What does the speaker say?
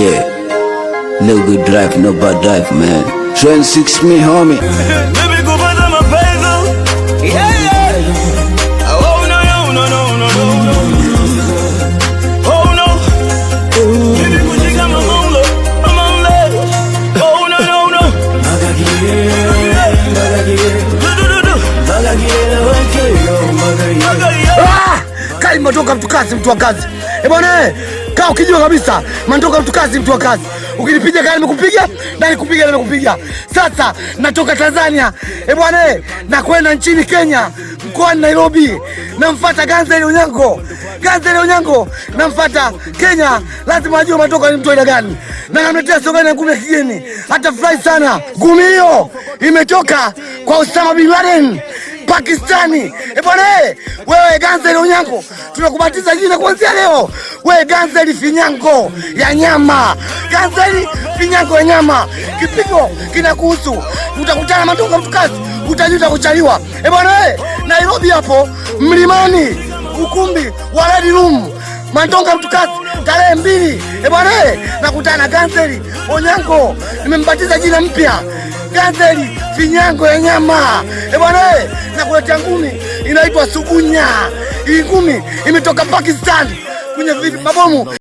Yeah, no good drive, no bad drive, man. Train six me homie. Kai matoka mtu kazi mtu wa kazi. Eh, eh kaa ukijua kabisa mandoka mtu kazi, mtu wa kazi, ukinipiga kani nimekupiga na nikupiga na nikupiga. Sasa natoka Tanzania eh bwana, eh, nakwenda nchini Kenya mkoani Nairobi, namfuata Ganza ile Onyango, Ganza ile Onyango namfuata Kenya, lazima ajue matoka ni mtu aina gani, na namletea soga na ngumi ya kigeni. Hata fly sana, ngumi hiyo imetoka kwa Osama bin Laden Pakistani. Eh bwana, eh, wewe Ganze ile Onyango tunakubatiza jina kuanzia leo we ganzeli finyango ya nyama, ganzeli finyango ya nyama. Kipigo kinakuhusu, utakutana matonga mtukazi, utajuta kuchaliwa. Eh bwana, we Nairobi hapo mlimani, ukumbi wa Red Room Mandonga mtukazi tarehe mbili ebwana, eh, nakutana Ganzeli Onyango, nimembatiza jina mpya Ganzeli Finyango ya nyama ebwana, eh, nakuletea ngumi inaitwa sugunya. Hii ngumi imetoka Pakistani. kuja vipi? Babomu.